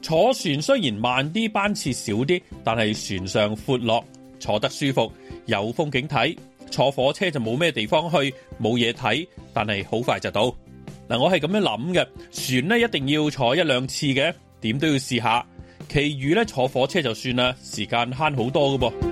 坐船雖然慢啲，班次少啲，但係船上闊落，坐得舒服，有風景睇。坐火車就冇咩地方去，冇嘢睇，但係好快就到。嗱，我係咁樣諗嘅，船咧一定要坐一兩次嘅，點都要試下，其餘咧坐火車就算啦，時間慳好多噶噃。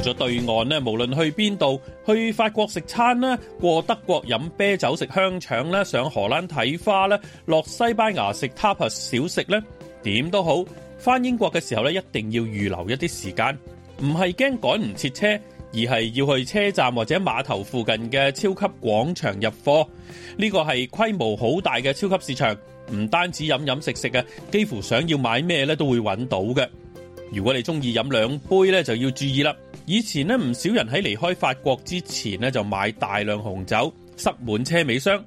咗對岸咧，無論去邊度，去法國食餐啦，過德國飲啤酒食香腸啦，上荷蘭睇花啦，落西班牙食 tapas 小食咧，點都好。返英國嘅時候咧，一定要預留一啲時間，唔係驚趕唔切車，而係要去車站或者碼頭附近嘅超級廣場入貨。呢個係規模好大嘅超級市場，唔單止飲飲食食嘅，幾乎想要買咩咧都會搵到嘅。如果你中意飲兩杯咧，就要注意啦。以前呢，唔少人喺離開法國之前呢，就買大量紅酒塞滿車尾箱。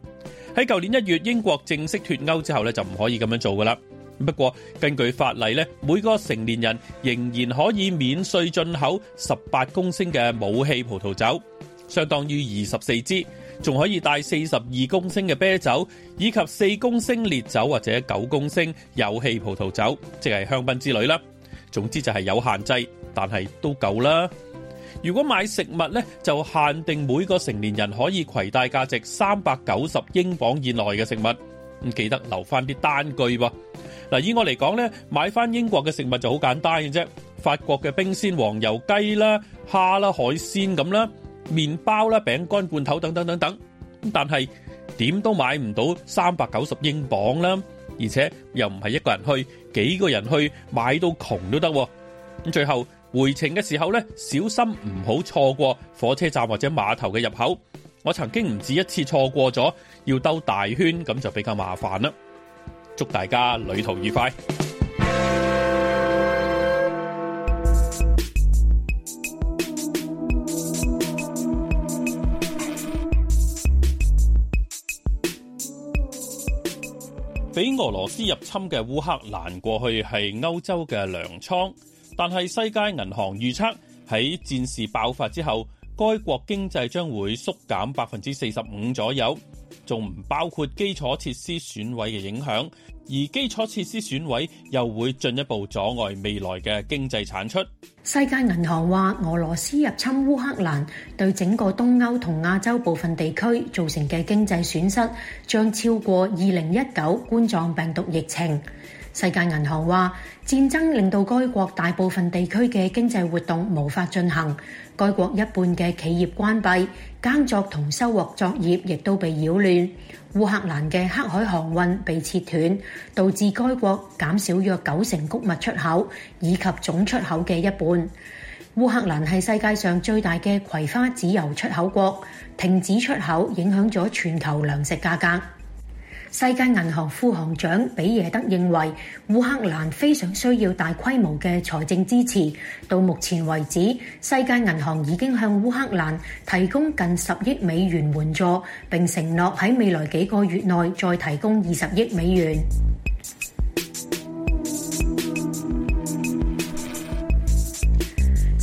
喺舊年一月英國正式脱歐之後呢，就唔可以咁樣做噶啦。不過根據法例呢，每個成年人仍然可以免稅進口十八公升嘅無氣葡萄酒，相當於二十四支，仲可以帶四十二公升嘅啤酒以及四公升烈酒或者九公升有氣葡萄酒，即係香檳之類啦。總之就係有限制，但係都夠啦。如果買食物咧，就限定每個成年人可以攜帶價值三百九十英鎊以內嘅食物。咁記得留翻啲單據噃。嗱，以我嚟講咧，買翻英國嘅食物就好簡單嘅啫。法國嘅冰鮮黃油雞啦、蝦啦、海鮮咁啦、麵包啦、餅乾罐頭等等等等。咁但係點都買唔到三百九十英鎊啦，而且又唔係一個人去，幾個人去買到窮都得。咁最後。回程嘅時候咧，小心唔好錯過火車站或者碼頭嘅入口。我曾經唔止一次錯過咗，要兜大圈，咁就比較麻煩啦。祝大家旅途愉快！俾俄羅斯入侵嘅烏克蘭過去係歐洲嘅糧倉。.但係，世界銀行預測喺戰事爆發之後，該國經濟將會縮減百分之四十五左右，仲唔包括基礎設施損毀嘅影響，而基礎設施損毀又會進一步阻礙未來嘅經濟產出。世界銀行話，俄羅斯入侵烏克蘭對整個東歐同亞洲部分地區造成嘅經濟損失，將超過二零一九冠狀病毒疫情。世界銀行話，戰爭令到該國大部分地區嘅經濟活動無法進行，該國一半嘅企業關閉，耕作同收穫作業亦都被擾亂。烏克蘭嘅黑海航運被切斷，導致該國減少約九成谷物出口，以及總出口嘅一半。烏克蘭係世界上最大嘅葵花籽油出口國，停止出口影響咗全球糧食價格。世界銀行副行長比耶德認為，烏克蘭非常需要大規模嘅財政支持。到目前為止，世界銀行已經向烏克蘭提供近十億美元援助，並承諾喺未來幾個月內再提供二十億美元。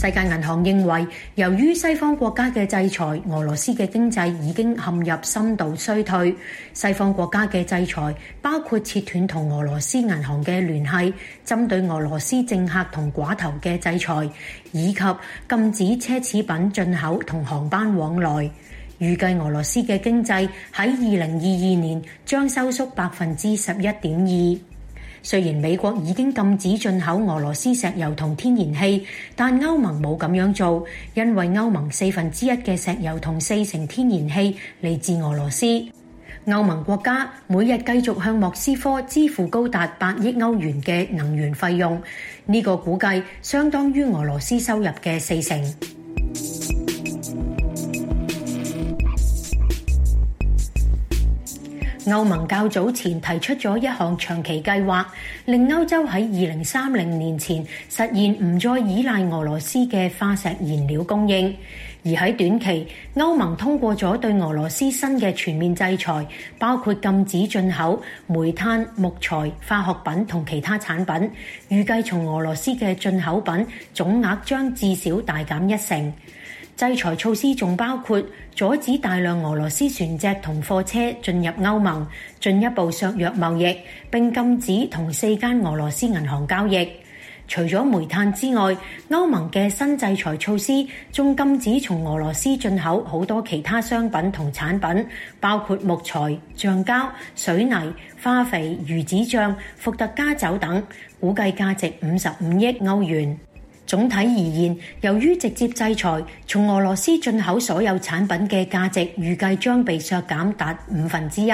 世界銀行認為，由於西方國家嘅制裁，俄羅斯嘅經濟已經陷入深度衰退。西方國家嘅制裁包括切斷同俄羅斯銀行嘅聯繫，針對俄羅斯政客同寡頭嘅制裁，以及禁止奢侈品進口同航班往來。預計俄羅斯嘅經濟喺二零二二年將收縮百分之十一點二。雖然美國已經禁止進口俄羅斯石油同天然氣，但歐盟冇咁樣做，因為歐盟四分之一嘅石油同四成天然氣嚟自俄羅斯。歐盟國家每日繼續向莫斯科支付高達八億歐元嘅能源費用，呢個估計相當於俄羅斯收入嘅四成。歐盟較早前提出咗一項長期計劃，令歐洲喺二零三零年前實現唔再依賴俄羅斯嘅化石燃料供應。而喺短期，歐盟通過咗對俄羅斯新嘅全面制裁，包括禁止進口煤炭、木材、化學品同其他產品，預計從俄羅斯嘅進口品總額將至少大減一成。制裁措施仲包括阻止大量俄羅斯船隻同貨車進入歐盟，進一步削弱貿易，並禁止同四間俄羅斯銀行交易。除咗煤炭之外，歐盟嘅新制裁措施仲禁止從俄羅斯進口好多其他商品同產品，包括木材、橡膠、水泥、化肥、魚子醬、伏特加酒等，估計價值五十五億歐元。總體而言，由於直接制裁，從俄羅斯進口所有產品嘅價值預計將被削減達五分之一。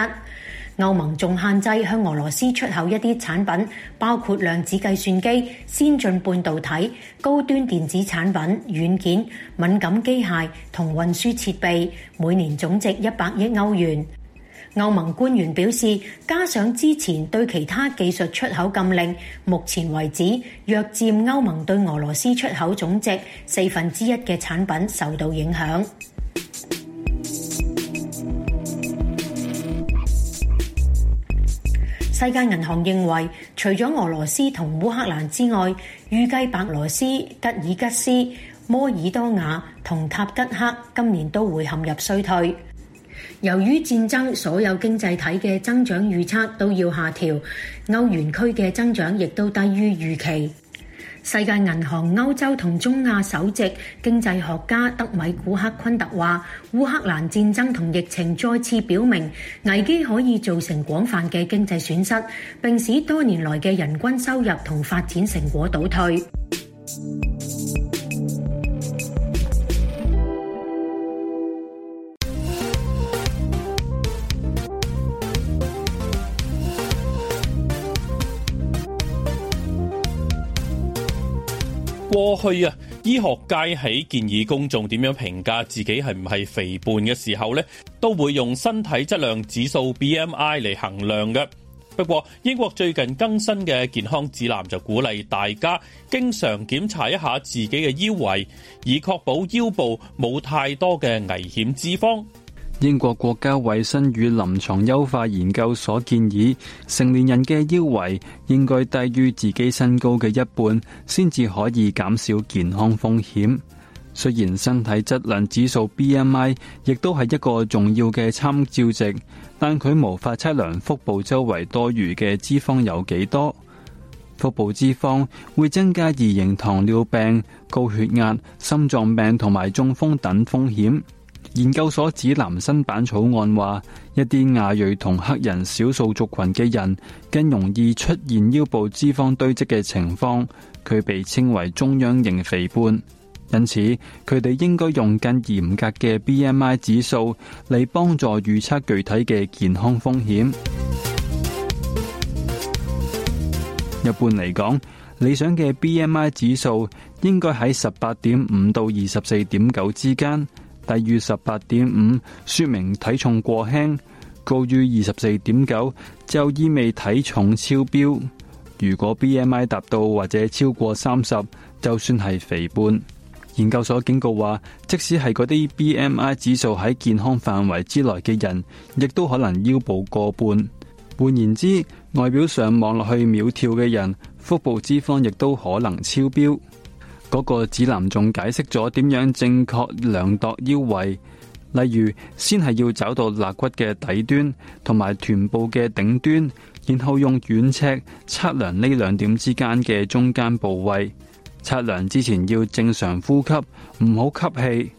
歐盟仲限制向俄羅斯出口一啲產品，包括量子計算機、先進半導體、高端電子產品、軟件、敏感機械同運輸設備，每年總值一百億歐元。歐盟官員表示，加上之前對其他技術出口禁令，目前為止，約占歐盟對俄羅斯出口總值四分之一嘅產品受到影響。世界銀行認為，除咗俄羅斯同烏克蘭之外，預計白羅斯、吉爾吉斯、摩爾多瓦同塔吉克今年都會陷入衰退。由於戰爭，所有經濟體嘅增長預測都要下調，歐元區嘅增長亦都低於預期。世界銀行歐洲同中亞首席經濟學家德米古克昆特話：烏克蘭戰爭同疫情再次表明，危機可以造成廣泛嘅經濟損失，並使多年來嘅人均收入同發展成果倒退。過去啊，醫學界喺建議公眾點樣評價自己係唔係肥胖嘅時候呢，都會用身體質量指數 BMI 嚟衡量嘅。不過英國最近更新嘅健康指南就鼓勵大家經常檢查一下自己嘅腰圍，以確保腰部冇太多嘅危險脂肪。英國國家衛生與臨床優化研究所建議，成年人嘅腰圍應該低於自己身高嘅一半，先至可以減少健康風險。雖然身體質量指數 BMI 亦都係一個重要嘅參照值，但佢無法測量腹部周圍多餘嘅脂肪有幾多。腹部脂肪會增加二型糖尿病、高血壓、心臟病同埋中風等風險。研究所指南新版草案話，一啲亞裔同黑人少數族群嘅人更容易出現腰部脂肪堆積嘅情況，佢被稱為中央型肥胖。因此，佢哋應該用更嚴格嘅 BMI 指數嚟幫助預測具體嘅健康風險。一般嚟講，理想嘅 BMI 指數應該喺十八點五到二十四點九之間。低於十八點五，5, 說明體重過輕；高於二十四點九，就意味體重超標。如果 B M I 達到或者超過三十，就算係肥胖。研究所警告話，即使係嗰啲 B M I 指數喺健康範圍之內嘅人，亦都可能腰部過半。換言之，外表上望落去苗條嘅人，腹部脂肪亦都可能超標。嗰個指南仲解釋咗點樣正確量度腰圍，例如先係要找到肋骨嘅底端同埋臀部嘅頂端，然後用軟尺測量呢兩點之間嘅中間部位。測量之前要正常呼吸，唔好吸氣。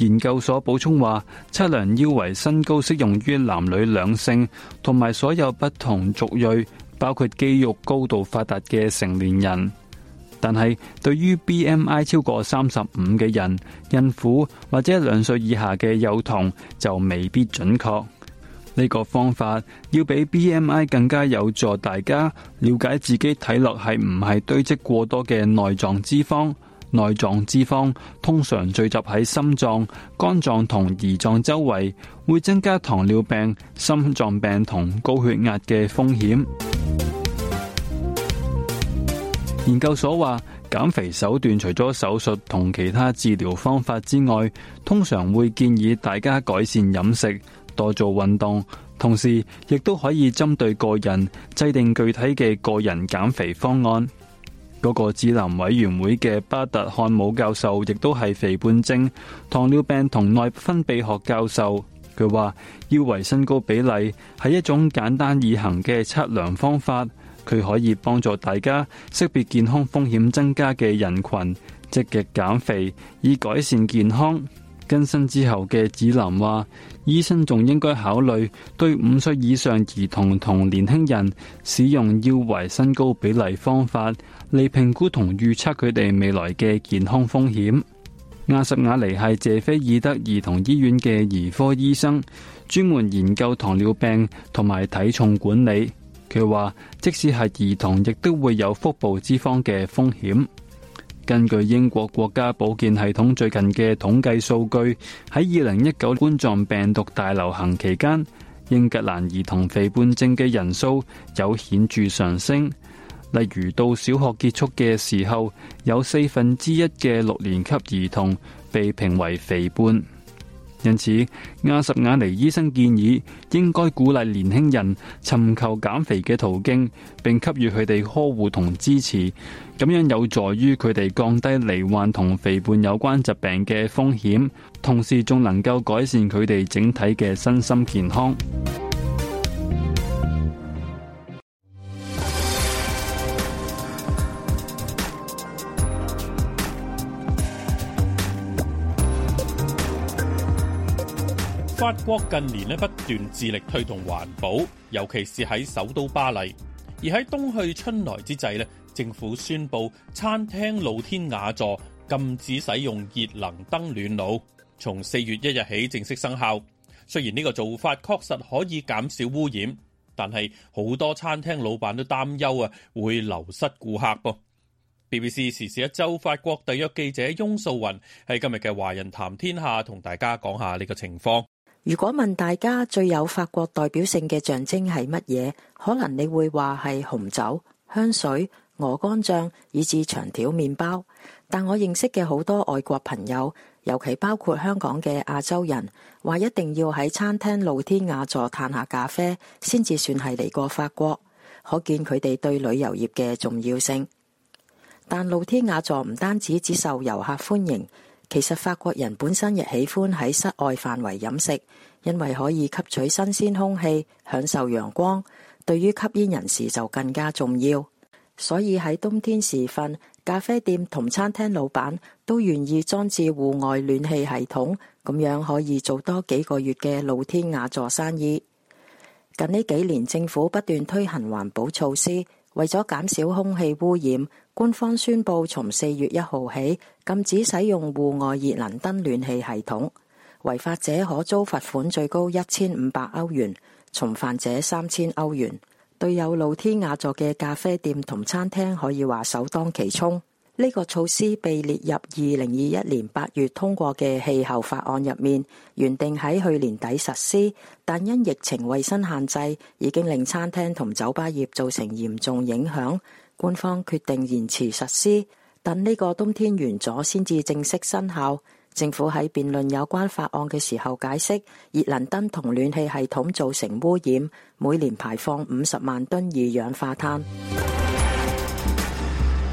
研究所補充話，測量腰圍身高適用於男女兩性同埋所有不同族裔，包括肌肉高度發達嘅成年人。但係，對於 B M I 超過三十五嘅人、孕婦或者兩歲以下嘅幼童就未必準確。呢個方法要比 B M I 更加有助大家了解自己體內係唔係堆積過多嘅內臟脂肪。內臟脂肪通常聚集喺心臟、肝臟同胰臟周圍，會增加糖尿病、心臟病同高血壓嘅風險。研究所話，減肥手段除咗手術同其他治療方法之外，通常會建議大家改善飲食、多做運動，同時亦都可以針對個人制定具體嘅個人減肥方案。嗰、那個指南委員會嘅巴特漢姆教授亦都係肥胖症、糖尿病同內分泌學教授，佢話腰圍身高比例係一種簡單易行嘅測量方法。佢可以幫助大家識別健康風險增加嘅人群，積極減肥以改善健康。更新之後嘅指南話，醫生仲應該考慮對五歲以上兒童同年輕人使用腰圍身高比例方法嚟評估同預測佢哋未來嘅健康風險。亞什瓦尼係謝菲爾德兒童醫院嘅兒科醫生，專門研究糖尿病同埋體重管理。佢話：即使係兒童，亦都會有腹部脂肪嘅風險。根據英國國家保健系統最近嘅統計數據，喺二零一九年冠狀病毒大流行期間，英格蘭兒童肥胖症嘅人數有顯著上升。例如到小學結束嘅時候，有四分之一嘅六年級兒童被評為肥胖。因此，阿什雅尼醫生建議，應該鼓勵年輕人尋求減肥嘅途徑，並給予佢哋呵護同支持，咁樣有助於佢哋降低罹患同肥胖有關疾病嘅風險，同時仲能夠改善佢哋整體嘅身心健康。法國近年咧不斷致力推動環保，尤其是喺首都巴黎。而喺冬去春來之際咧，政府宣布餐廳露天雅座禁止使用熱能燈暖爐，從四月一日起正式生效。雖然呢個做法確實可以減少污染，但係好多餐廳老闆都擔憂啊，會流失顧客噃。BBC 時事一周法國特約記者翁素雲喺今日嘅《華人談天下》同大家講下呢個情況。如果問大家最有法國代表性嘅象徵係乜嘢？可能你會話係紅酒、香水、鵝肝醬，以至長條麵包。但我認識嘅好多外國朋友，尤其包括香港嘅亞洲人，話一定要喺餐廳露天雅座嘆下咖啡，先至算係嚟過法國。可見佢哋對旅遊業嘅重要性。但露天雅座唔單止只受遊客歡迎。其實法國人本身亦喜歡喺室外範圍飲食，因為可以吸取新鮮空氣，享受陽光，對於吸煙人士就更加重要。所以喺冬天時分，咖啡店同餐廳老闆都願意裝置戶外暖氣系統，咁樣可以做多幾個月嘅露天雅座生意。近呢幾年，政府不斷推行環保措施，為咗減少空氣污染。官方宣布，從，從四月一號起禁止使用戶外熱能燈暖氣系統，違法者可遭罰款最高一千五百歐元，重犯者三千歐元。對有露天雅座嘅咖啡店同餐廳，可以話首當其衝。呢、這個措施被列入二零二一年八月通過嘅氣候法案入面，原定喺去年底實施，但因疫情衛生限制，已經令餐廳同酒吧業造成嚴重影響。官方決定延遲實施，等呢個冬天完咗先至正式生效。政府喺辯論有關法案嘅時候解釋，熱能燈同暖氣系統造成污染，每年排放五十萬噸二氧化碳。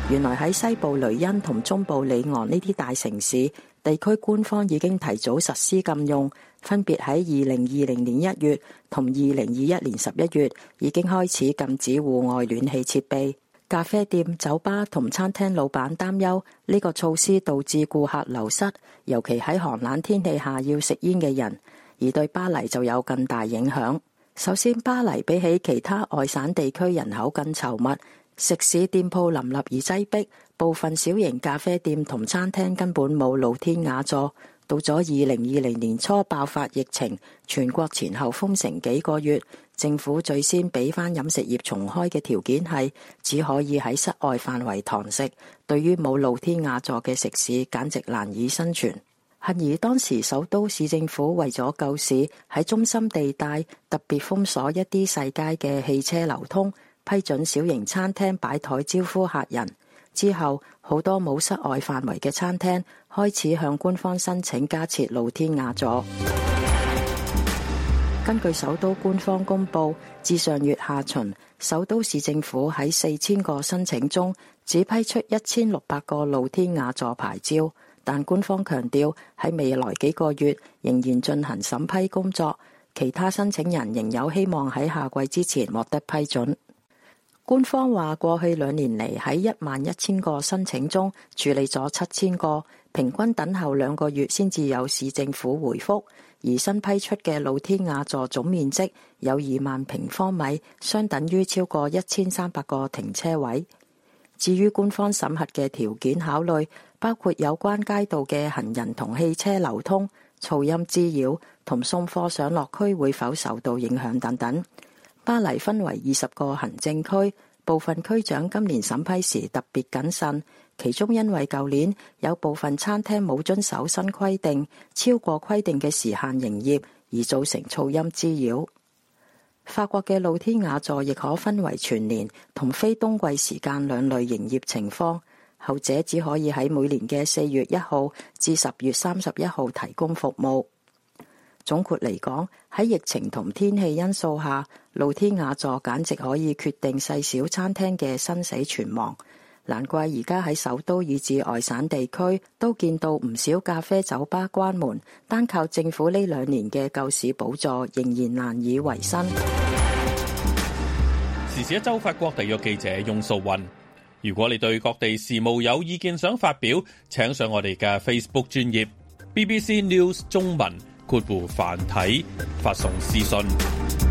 原來喺西部雷恩同中部里昂呢啲大城市，地區官方已經提早實施禁用，分別喺二零二零年一月同二零二一年十一月已經開始禁止戶外暖氣設備。咖啡店、酒吧同餐廳老闆擔憂呢個措施導致顧客流失，尤其喺寒冷天氣下要食煙嘅人，而對巴黎就有更大影響。首先，巴黎比起其他外省地區人口更稠密，食肆店鋪林立而擠迫，部分小型咖啡店同餐廳根本冇露天雅座。到咗二零二零年初爆發疫情，全國前後封城幾個月。政府最先俾返飲食業重開嘅條件係，只可以喺室外範圍堂食。對於冇露天雅座嘅食肆，簡直難以生存。幸而當時首都市政府為咗救市，喺中心地帶特別封鎖一啲細街嘅汽車流通，批准小型餐廳擺台招呼客人。之後，好多冇室外範圍嘅餐廳開始向官方申請加設露天雅座。根據首都官方公布，至上月下旬，首都市政府喺四千個申請中只批出一千六百個露天雅座牌照，但官方強調喺未來幾個月仍然進行審批工作，其他申請人仍有希望喺下季之前獲得批准。官方話，過去兩年嚟喺一萬一千個申請中處理咗七千個，平均等候兩個月先至有市政府回覆而新批出嘅露天雅座總面積有二萬平方米，相等於超過一千三百個停車位。至於官方審核嘅條件考慮，包括有關街道嘅行人同汽車流通、噪音滋擾同送貨上落區會否受到影響等等。巴黎分為二十個行政區，部分區長今年審批時特別謹慎。其中，因為舊年有部分餐廳冇遵守新規定，超過規定嘅時限營業，而造成噪音滋擾。法國嘅露天雅座亦可分為全年同非冬季時間兩類營業情況，後者只可以喺每年嘅四月一號至十月三十一號提供服務。總括嚟講，喺疫情同天氣因素下，露天雅座簡直可以決定細小餐廳嘅生死存亡。難怪而家喺首都以至外省地區都見到唔少咖啡酒吧關門，單靠政府呢兩年嘅救市補助仍然難以為生。時事一周法國特約記者雍素雲，如果你對各地事務有意見想發表，請上我哋嘅 Facebook 專頁 BBC News 中文括弧繁體發送私信。